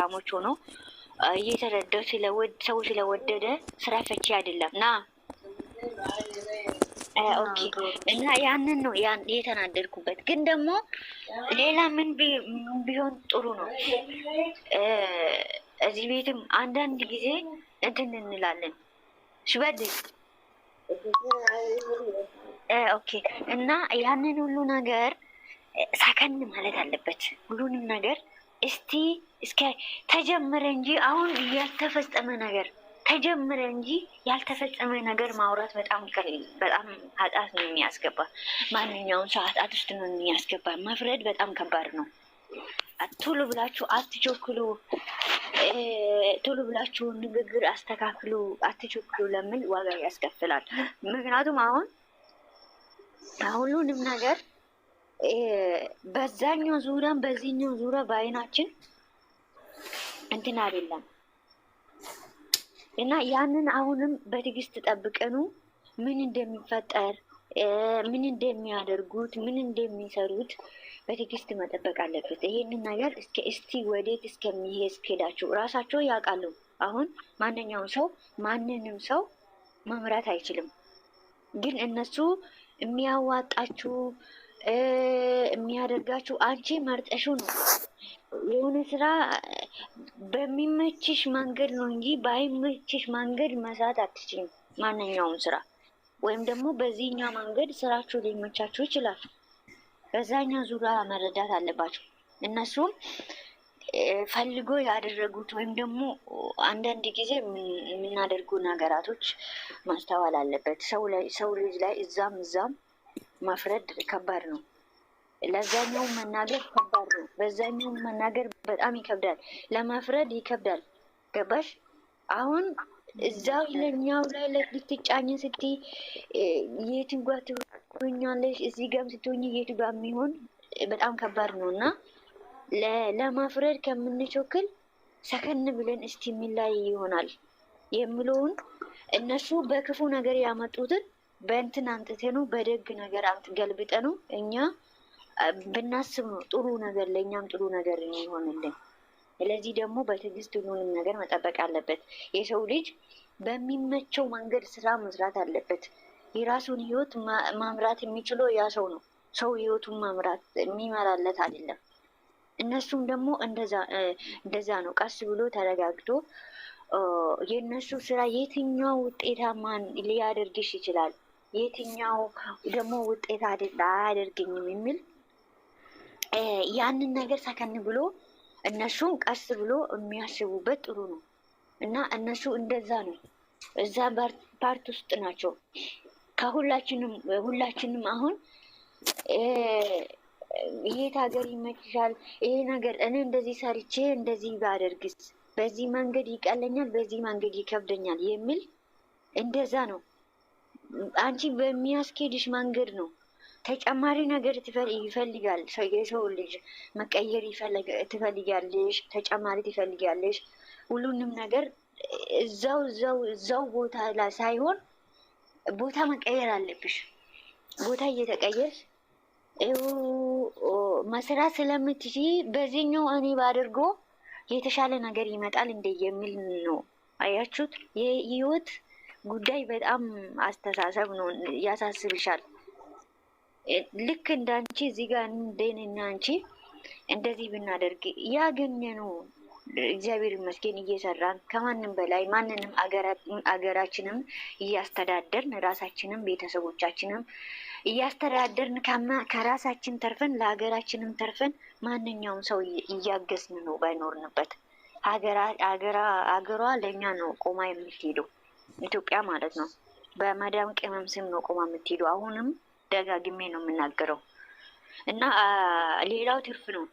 ሀብታሞች ሆኖ እየተረዳው ሰው ስለወደደ ስራ ፈቺ አይደለም ና ኦኬ እና ያንን ነው የተናደድኩበት። ግን ደግሞ ሌላ ምን ቢሆን ጥሩ ነው? እዚህ ቤትም አንዳንድ ጊዜ እንትን እንላለን ሽበድ ኦኬ እና ያንን ሁሉ ነገር ሳከን ማለት አለበት። ሁሉንም ነገር እስቲ እስከ ተጀመረ እንጂ አሁን ያልተፈጸመ ነገር ተጀመረ እንጂ ያልተፈጸመ ነገር ማውራት በጣም በጣም ኃጢአት ነው የሚያስገባ። ማንኛውም ሰው ኃጢአት ውስጥ ነው የሚያስገባ። መፍረድ በጣም ከባድ ነው። ቶሎ ብላችሁ አትቸኩሉ። ቶሎ ብላችሁ ንግግር አስተካክሉ፣ አትቸኩሉ። ለምን ዋጋ ያስከፍላል። ምክንያቱም አሁን ሁሉንም ነገር በዛኛው ዙሪያም በዚህኛው ዙሪያ በአይናችን እንትን አይደለም እና ያንን አሁንም በትዕግስት ጠብቀኑ ምን እንደሚፈጠር ምን እንደሚያደርጉት ምን እንደሚሰሩት በትዕግስት መጠበቅ አለበት። ይሄንን ነገር እስከ እስቲ ወዴት እስከሚሄዳቸው እራሳቸው ያውቃሉ። አሁን ማንኛውም ሰው ማንንም ሰው መምራት አይችልም፣ ግን እነሱ የሚያዋጣችው የሚያደርጋችሁ አንቺ መርጠሽው ነው። የሆነ ስራ በሚመችሽ መንገድ ነው እንጂ ባይመችሽ መንገድ መስራት አትችልም። ማንኛውም ስራ ወይም ደግሞ በዚህኛ መንገድ ስራችሁ ሊመቻችሁ ይችላል። በዛኛ ዙሪያ መረዳት አለባቸው። እነሱም ፈልጎ ያደረጉት ወይም ደግሞ አንዳንድ ጊዜ የምናደርጉ ነገራቶች ማስተዋል አለበት ሰው ልጅ ላይ እዛም እዛም ማፍረድ ከባድ ነው። ለዛኛው መናገር ከባድ ነው። በዛኛው መናገር በጣም ይከብዳል። ለማፍረድ ይከብዳል። ገባሽ? አሁን እዛ ለኛው ላይ ልትጫኝ ስቲ የትንጓ ትሆኛለሽ፣ እዚህ ጋም ስትሆኝ የቱ ጋ የሚሆን በጣም ከባድ ነው እና ለማፍረድ ከምንቾክል ሰከን ብለን እስቲ የሚላይ ይሆናል የሚለውን እነሱ በክፉ ነገር ያመጡትን በእንትን አምጥቴ ነው በደግ ነገር አምጥ ገልብጠ ነው እኛ ብናስብ ነው ጥሩ ነገር ለእኛም ጥሩ ነገር ይሆንልን። ስለዚህ ደግሞ በትዕግስት ሁሉንም ነገር መጠበቅ አለበት። የሰው ልጅ በሚመቸው መንገድ ስራ መስራት አለበት። የራሱን ህይወት ማምራት የሚችለው ያ ሰው ነው። ሰው ህይወቱን ማምራት የሚመራለት አይደለም። እነሱም ደግሞ እንደዛ ነው። ቀስ ብሎ ተረጋግቶ የእነሱ ስራ የትኛው ውጤታማን ሊያደርግሽ ይችላል? የትኛው ደግሞ ውጤት አያደርገኝም የሚል ያንን ነገር ሰከን ብሎ እነሱም ቀስ ብሎ የሚያስቡበት ጥሩ ነው እና እነሱ እንደዛ ነው። እዛ ፓርት ውስጥ ናቸው። ከሁላችንም ሁላችንም አሁን የት ሀገር ይመችሻል? ይሄ ነገር እኔ እንደዚህ ሰርቼ እንደዚህ ባደርግስ፣ በዚህ መንገድ ይቀለኛል፣ በዚህ መንገድ ይከብደኛል የሚል እንደዛ ነው። አንቺ በሚያስኬድሽ መንገድ ነው። ተጨማሪ ነገር ይፈልጋል። የሰው ልጅ መቀየር ትፈልጊያለሽ፣ ተጨማሪ ትፈልጊያለሽ። ሁሉንም ነገር እዛው እዛው እዛው ቦታ ላይ ሳይሆን ቦታ መቀየር አለብሽ። ቦታ እየተቀየርሽ መስራት ስለምትች በዚህኛው እኔ ባድርጎ የተሻለ ነገር ይመጣል እንደ የሚል ነው። አያችሁት የህይወት ጉዳይ በጣም አስተሳሰብ ነው፣ ያሳስብሻል። ልክ እንዳንቺ እዚህ ጋር እንደኔና አንቺ እንደዚህ ብናደርግ ያገኘነው እግዚአብሔር ይመስገን እየሰራን ከማንም በላይ ማንንም አገራችንም እያስተዳደርን ራሳችንም ቤተሰቦቻችንም እያስተዳደርን ከራሳችን ተርፈን ለሀገራችንም ተርፈን ማንኛውም ሰው እያገዝን ነው። ባይኖርንበት ሀገሯ ለእኛ ነው ቆማ የምትሄደው። ኢትዮጵያ ማለት ነው። በመዳም ቅመም ስም ነው ቆማ የምትሄዱ። አሁንም ደጋግሜ ነው የምናገረው እና ሌላው ትርፍ ነው።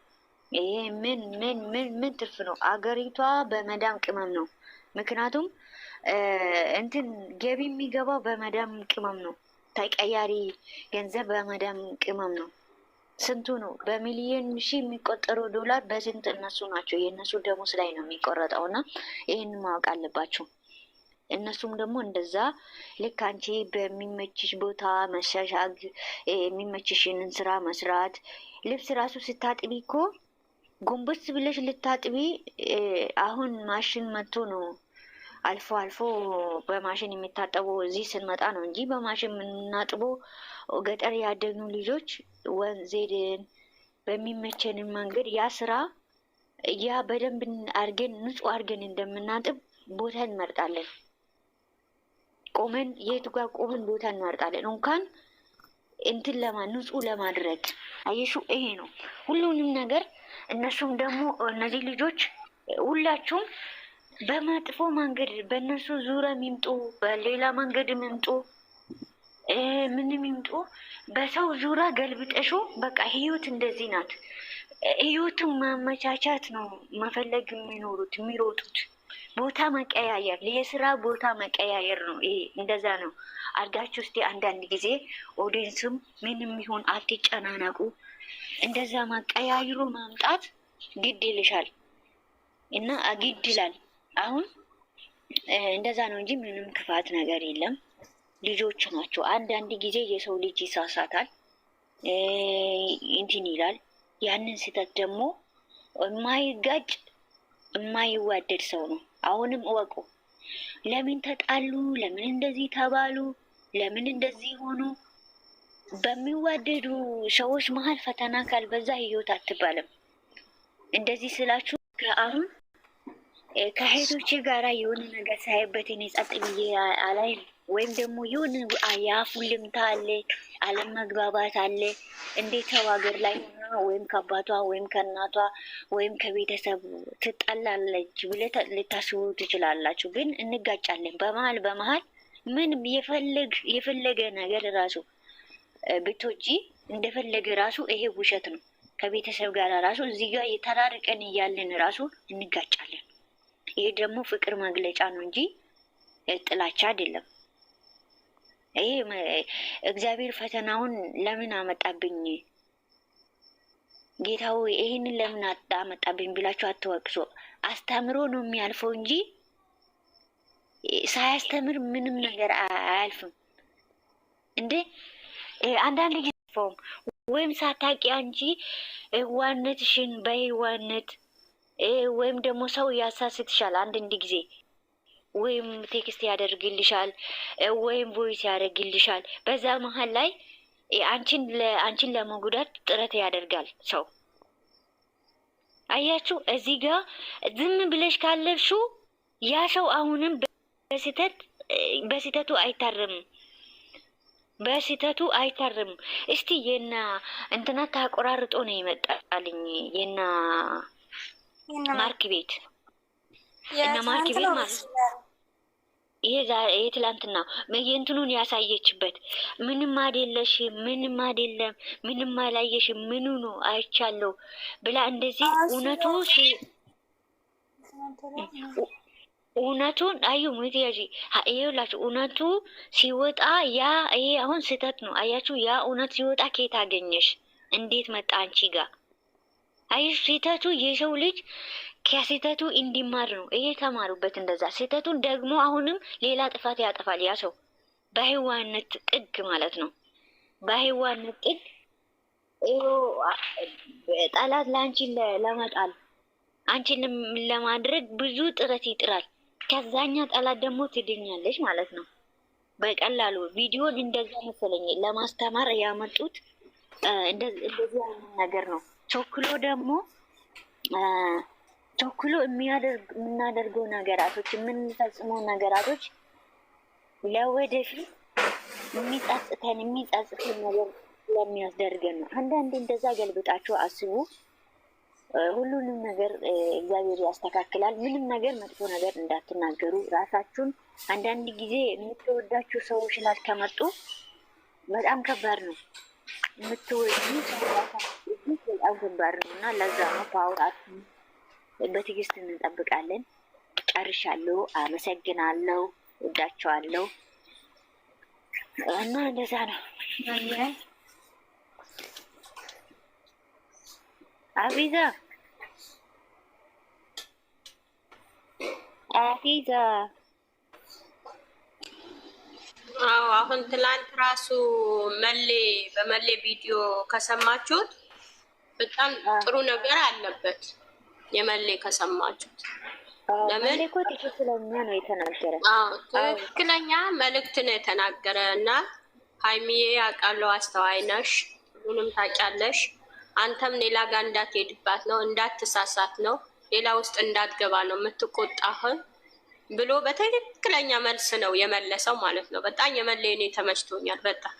ይሄ ምን ምን ምን ምን ትርፍ ነው? አገሪቷ በመዳም ቅመም ነው። ምክንያቱም እንትን ገቢ የሚገባው በመዳም ቅመም ነው። ተቀያሪ ገንዘብ በመዳም ቅመም ነው። ስንቱ ነው? በሚሊየን ሺ የሚቆጠሩ ዶላር በስንት እነሱ ናቸው። የእነሱ ደሞዝ ላይ ነው የሚቆረጠው እና ይህን ማወቅ አለባቸው። እነሱም ደግሞ እንደዛ ልክ አንቺ በሚመችሽ ቦታ መሻሻግ የሚመችሽንን ስራ መስራት። ልብስ ራሱ ስታጥቢ እኮ ጎንበስ ብለሽ ልታጥቢ አሁን ማሽን መጥቶ ነው አልፎ አልፎ በማሽን የሚታጠበው እዚህ ስንመጣ ነው እንጂ በማሽን የምናጥቦ ገጠር ያደግኑ ልጆች ወንዜድን በሚመቸንን መንገድ ያ ስራ ያ በደንብ አርገን ንጹህ አድርገን እንደምናጥብ ቦታ እንመርጣለን። ቆመን የቱ ጋር ቆመን ቦታ እናርጣለን እንኳን እንትን ለማ ንጹህ ለማድረግ አየሹ ይሄ ነው ሁሉንም ነገር። እነሱም ደግሞ እነዚህ ልጆች ሁላችሁም በመጥፎ መንገድ በእነሱ ዙሪያ የሚምጡ በሌላ መንገድ የሚምጡ ምንም ይምጡ በሰው ዙሪያ ገልብጠሹ በቃ ህይወት እንደዚህ ናት። ህይወትን ማመቻቻት ነው መፈለግ የሚኖሩት የሚሮጡት ቦታ መቀያየር የስራ ቦታ መቀያየር ነው። ይሄ እንደዛ ነው። አድጋችሁ እስቲ አንዳንድ ጊዜ ኦዲንስም ምንም ይሁን አትጨናነቁ። እንደዛ መቀያየሩ ማምጣት ግድ ይልሻል እና ግድ ይላል። አሁን እንደዛ ነው እንጂ ምንም ክፋት ነገር የለም። ልጆች ናቸው። አንዳንድ ጊዜ የሰው ልጅ ይሳሳታል፣ እንትን ይላል። ያንን ስህተት ደግሞ የማይጋጭ የማይዋደድ ሰው ነው አሁንም እወቁ። ለምን ተጣሉ? ለምን እንደዚህ ተባሉ? ለምን እንደዚህ ሆኑ? በሚዋደዱ ሰዎች መሀል ፈተና ካልበዛ ህይወት አትባልም። እንደዚህ ስላችሁ ከአሁን ከሄዶቼ ጋራ የሆነ ነገር ሳይበት እኔ ጸጥ ብዬ አላይም። ወይም ደግሞ ይሁን የአፉ ልምታ አለ፣ አለመግባባት አለ። እንዴት ሰው ሀገር ላይ ሆና ወይም ከአባቷ ወይም ከእናቷ ወይም ከቤተሰብ ትጠላለች ብለህ ልታስቡ ትችላላችሁ። ግን እንጋጫለን በመሀል በመሀል ምን የፈለገ ነገር ራሱ ብቶጂ እንደፈለገ ራሱ ይሄ ውሸት ነው። ከቤተሰብ ጋር ራሱ እዚህ ጋር የተራርቀን እያለን ራሱ እንጋጫለን። ይሄ ደግሞ ፍቅር መግለጫ ነው እንጂ ጥላቻ አይደለም። ይህ እግዚአብሔር ፈተናውን ለምን አመጣብኝ ጌታው ይህንን ለምን አመጣብኝ ብላችሁ አትወቅሶ አስተምሮ ነው የሚያልፈው እንጂ ሳያስተምር ምንም ነገር አያልፍም። እንዴ አንዳንድ ጊዜ ወይም ሳታውቂያ እንጂ ዋነትሽን በይ ዋነት ወይም ደግሞ ሰው ያሳስትሻል አንድ እንድ ጊዜ ወይም ቴክስት ያደርግልሻል ወይም ቮይስ ያደርግልሻል። በዛ መሀል ላይ አንቺን አንቺን ለመጉዳት ጥረት ያደርጋል ሰው። አያችሁ እዚህ ጋር ዝም ብለሽ ካለፍሽው ያ ሰው አሁንም በስህተት በስህተቱ አይታረምም በስህተቱ አይታርም። እስቲ የና እንትና ታቆራርጦ ነው ይመጣልኝ የና ማርክ ቤት እና ማርክ ቤት ማለት ይሄ ትላንትና የእንትኑን ያሳየችበት ምንም አደለሽ፣ ምንም አደለም፣ ምንም አላየሽ፣ ምኑ ነው አይቻለሁ ብላ እንደዚህ እውነቱ እውነቱን አዩ ምትያዥ ይላችሁ እውነቱ ሲወጣ ያ ይሄ አሁን ስህተት ነው። አያችሁ ያ እውነት ሲወጣ ከየት አገኘሽ? እንዴት መጣ አንቺ ጋር? አይ ስህተቱ የሰው ልጅ ከስህተቱ እንዲማር ነው። ይሄ ተማሩበት። እንደዛ ስህተቱን ደግሞ አሁንም ሌላ ጥፋት ያጠፋል ያ ሰው በህዋነት ጥግ ማለት ነው። በህዋነት ጥግ ጠላት ለአንቺን ለመጣል አንቺንም ለማድረግ ብዙ ጥረት ይጥራል። ከዛኛ ጠላት ደግሞ ትድኛለች ማለት ነው በቀላሉ ቪዲዮን እንደዛ መሰለኝ ለማስተማር ያመጡት እንደዚህ አይነት ነገር ነው። ቾክሎ ደግሞ ቸኩሎ የምናደርገው ነገራቶች የምንፈጽመው ነገራቶች ለወደፊት የሚጸጽተን የሚጸጽተን ነገር ስለሚያስደርገን ነው። አንዳንዴ እንደዛ ገልብጣችሁ አስቡ። ሁሉንም ነገር እግዚአብሔር ያስተካክላል። ምንም ነገር መጥፎ ነገር እንዳትናገሩ ራሳችሁን። አንዳንድ ጊዜ የምትወዳችሁ ሰዎች ላስከመጡ በጣም ከባድ ነው። የምትወዱ ሰው በጣም ከባድ ነው እና ለዛ ነው ፓወር በትዕግስት እንጠብቃለን። ጨርሻለሁ። አመሰግናለሁ። ወዳቸዋለሁ እና እንደዛ ነው። አፊዛ አፊዛ አዎ አሁን ትላንት ራሱ መሌ በመሌ ቪዲዮ ከሰማችሁት በጣም ጥሩ ነገር አለበት። የመሌ ከሰማችሁት ለምን ትክክለኛ ነው የተናገረ ትክክለኛ መልእክት ነው የተናገረ እና ሀይሚዬ ያውቃለው አስተዋይ ነሽ፣ ሁሉንም ታውቂያለሽ። አንተም ሌላ ጋር እንዳትሄድባት ነው እንዳትሳሳት ነው ሌላ ውስጥ እንዳትገባ ነው የምትቆጣህን ብሎ በትክክለኛ መልስ ነው የመለሰው ማለት ነው። በጣም የመለ እኔ ተመችቶኛል። በጣም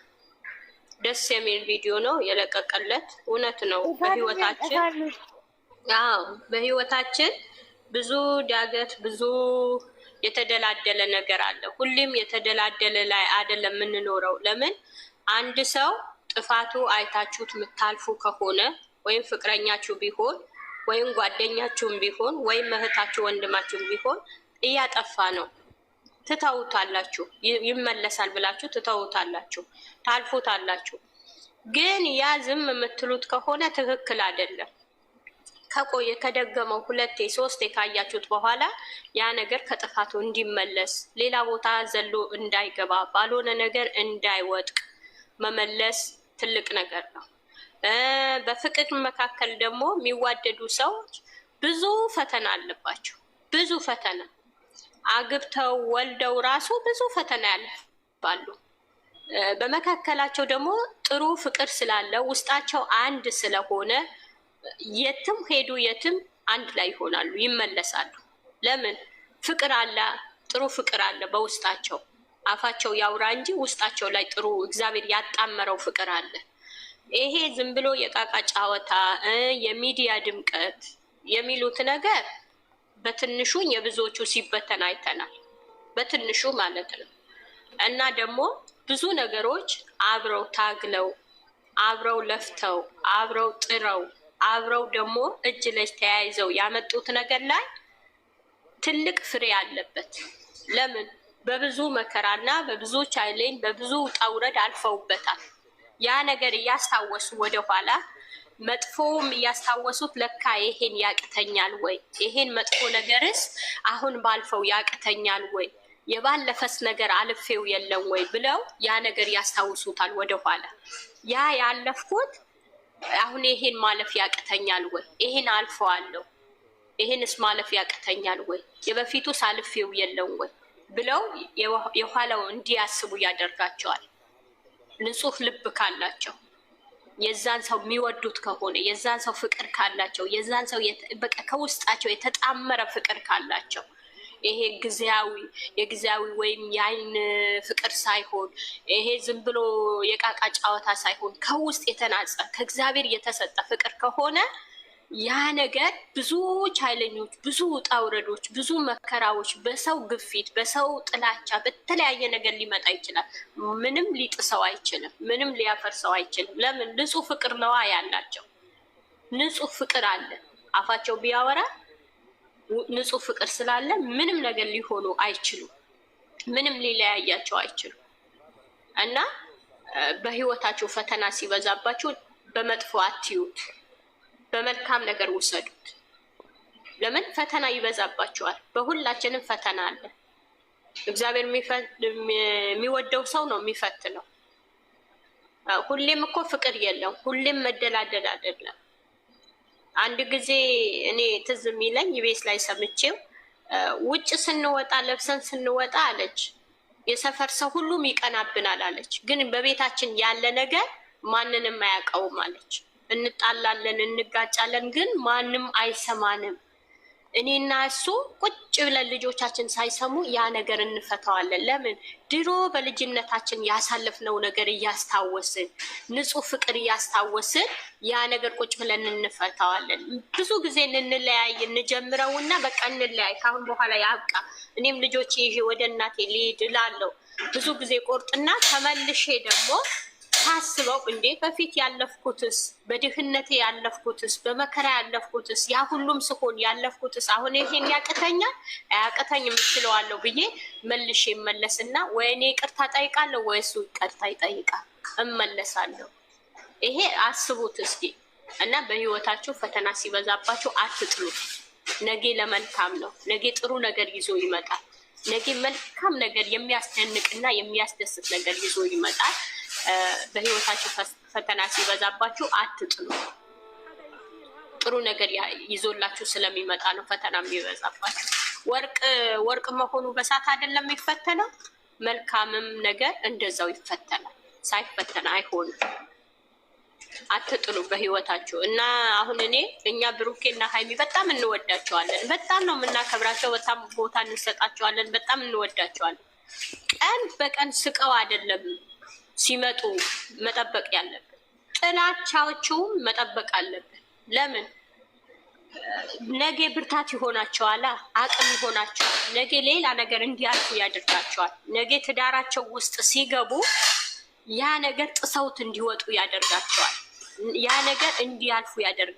ደስ የሚል ቪዲዮ ነው የለቀቀለት። እውነት ነው በህይወታችን በህይወታችን ብዙ ዳገት ብዙ የተደላደለ ነገር አለ። ሁሌም የተደላደለ ላይ አይደለም የምንኖረው። ለምን አንድ ሰው ጥፋቱ አይታችሁት የምታልፉ ከሆነ ወይም ፍቅረኛችሁ ቢሆን ወይም ጓደኛችሁም ቢሆን ወይም እህታችሁ ወንድማችሁም ቢሆን እያጠፋ ነው ትተውታላችሁ። ይመለሳል ብላችሁ ትተውታላችሁ፣ ታልፉታላችሁ። ግን ያ ዝም የምትሉት ከሆነ ትክክል አይደለም። ከቆየ ከደገመው ሁለቴ ሶስቴ ካያችሁት በኋላ ያ ነገር ከጥፋቱ እንዲመለስ ሌላ ቦታ ዘሎ እንዳይገባ ባልሆነ ነገር እንዳይወጥቅ መመለስ ትልቅ ነገር ነው። በፍቅር መካከል ደግሞ የሚዋደዱ ሰዎች ብዙ ፈተና አለባቸው። ብዙ ፈተና አግብተው ወልደው ራሱ ብዙ ፈተና ያለባሉ። በመካከላቸው ደግሞ ጥሩ ፍቅር ስላለ ውስጣቸው አንድ ስለሆነ የትም ሄዱ የትም አንድ ላይ ይሆናሉ፣ ይመለሳሉ። ለምን? ፍቅር አለ፣ ጥሩ ፍቅር አለ በውስጣቸው። አፋቸው ያውራ እንጂ ውስጣቸው ላይ ጥሩ እግዚአብሔር ያጣመረው ፍቅር አለ። ይሄ ዝም ብሎ የቃቃ ጫወታ፣ የሚዲያ ድምቀት የሚሉት ነገር በትንሹ የብዙዎቹ ሲበተን አይተናል። በትንሹ ማለት ነው። እና ደግሞ ብዙ ነገሮች አብረው ታግለው አብረው ለፍተው አብረው ጥረው አብረው ደግሞ እጅ ለእጅ ተያይዘው ያመጡት ነገር ላይ ትልቅ ፍሬ አለበት። ለምን በብዙ መከራና በብዙ ቻሌንጅ በብዙ ውጣ ውረድ አልፈውበታል። ያ ነገር እያስታወሱ ወደኋላ መጥፎውም እያስታወሱት ለካ ይሄን ያቅተኛል ወይ ይሄን መጥፎ ነገርስ አሁን ባልፈው ያቅተኛል ወይ የባለፈስ ነገር አልፌው የለም ወይ ብለው ያ ነገር ያስታውሱታል ወደኋላ ያ ያለፍኩት አሁን ይሄን ማለፍ ያቅተኛል ወይ? ይሄን አልፈዋለሁ፣ ይሄንስ ማለፍ ያቅተኛል ወይ? የበፊቱ ሳልፌው የለም ወይ ብለው የኋላው እንዲያስቡ ያደርጋቸዋል። ንጹህ ልብ ካላቸው የዛን ሰው የሚወዱት ከሆነ የዛን ሰው ፍቅር ካላቸው የዛን ሰው በቃ ከውስጣቸው የተጣመረ ፍቅር ካላቸው ይሄ ጊዜያዊ የጊዜያዊ ወይም የአይን ፍቅር ሳይሆን ይሄ ዝም ብሎ የቃቃ ጨዋታ ሳይሆን ከውስጥ የተናጸ ከእግዚአብሔር የተሰጠ ፍቅር ከሆነ ያ ነገር ብዙ ቻይለኞች፣ ብዙ ውጣ ውረዶች፣ ብዙ መከራዎች፣ በሰው ግፊት፣ በሰው ጥላቻ፣ በተለያየ ነገር ሊመጣ ይችላል። ምንም ሊጥሰው አይችልም። ምንም ሊያፈርሰው አይችልም። ለምን? ንጹህ ፍቅር ነዋ ያላቸው። ንጹህ ፍቅር አለ። አፋቸው ቢያወራ ንጹህ ፍቅር ስላለ ምንም ነገር ሊሆኑ አይችሉም። ምንም ሊለያያቸው አይችሉም እና በህይወታቸው ፈተና ሲበዛባቸው በመጥፎ አትዩት፣ በመልካም ነገር ውሰዱት። ለምን ፈተና ይበዛባቸዋል? በሁላችንም ፈተና አለ። እግዚአብሔር የሚወደው ሰው ነው የሚፈትነው። ሁሌም እኮ ፍቅር የለም። ሁሌም መደላደል አይደለም። አንድ ጊዜ እኔ ትዝ የሚለኝ ቤት ላይ ሰምቼው ውጭ ስንወጣ ለብሰን ስንወጣ አለች የሰፈር ሰው ሁሉም ይቀናብናል አለች። ግን በቤታችን ያለ ነገር ማንንም አያውቀውም አለች። እንጣላለን፣ እንጋጫለን፣ ግን ማንም አይሰማንም። እኔና እሱ ቁጭ ብለን ልጆቻችን ሳይሰሙ ያ ነገር እንፈታዋለን። ለምን ድሮ በልጅነታችን ያሳለፍነው ነገር እያስታወስን ንጹህ ፍቅር እያስታወስን ያ ነገር ቁጭ ብለን እንፈታዋለን። ብዙ ጊዜ እንለያይ እንጀምረውና በቃ እንለያይ፣ ካሁን በኋላ ያብቃ፣ እኔም ልጆቼ ይዤ ወደ እናቴ ልሂድ እላለሁ። ብዙ ጊዜ ቆርጥና ተመልሼ ደግሞ ታስበው እንዴ በፊት ያለፍኩትስ በድህነቴ ያለፍኩትስ በመከራ ያለፍኩትስ ያ ሁሉም ስሆን ያለፍኩትስ አሁን ይሄን ያቅተኛ አያቅተኝ የምችለዋለሁ ብዬ መልሼ እመለስና ወይ እኔ ይቅርታ ጠይቃለሁ ወይ እሱ ይቅርታ ይጠይቃል እመለሳለሁ። ይሄ አስቡት እስኪ እና በህይወታችሁ ፈተና ሲበዛባችሁ አትጥሉ። ነጌ ለመልካም ነው። ነጌ ጥሩ ነገር ይዞ ይመጣል። ነጌ መልካም ነገር የሚያስደንቅና የሚያስደስት ነገር ይዞ ይመጣል። በህይወታችሁ ፈተና ሲበዛባችሁ አትጥሉ። ጥሩ ነገር ይዞላችሁ ስለሚመጣ ነው ፈተና የሚበዛባችሁ። ወርቅ ወርቅ መሆኑ በሳት አይደለም የሚፈተነው። መልካምም ነገር እንደዛው ይፈተናል። ሳይፈተና አይሆንም። አትጥሉ በህይወታችሁ እና አሁን እኔ እኛ ብሩኬ እና ሀይሚ በጣም እንወዳቸዋለን። በጣም ነው የምናከብራቸው። በጣም ቦታ እንሰጣቸዋለን። በጣም እንወዳቸዋለን። ቀን በቀን ስቀው አይደለም ሲመጡ መጠበቅ ያለብን ጥላቻቸውም መጠበቅ አለብን። ለምን ነገ ብርታት ይሆናቸዋል፣ አቅም ይሆናቸዋል። ነገ ሌላ ነገር እንዲያልፉ ያደርጋቸዋል። ነገ ትዳራቸው ውስጥ ሲገቡ ያ ነገር ጥሰውት እንዲወጡ ያደርጋቸዋል። ያ ነገር እንዲያልፉ ያደርጋል።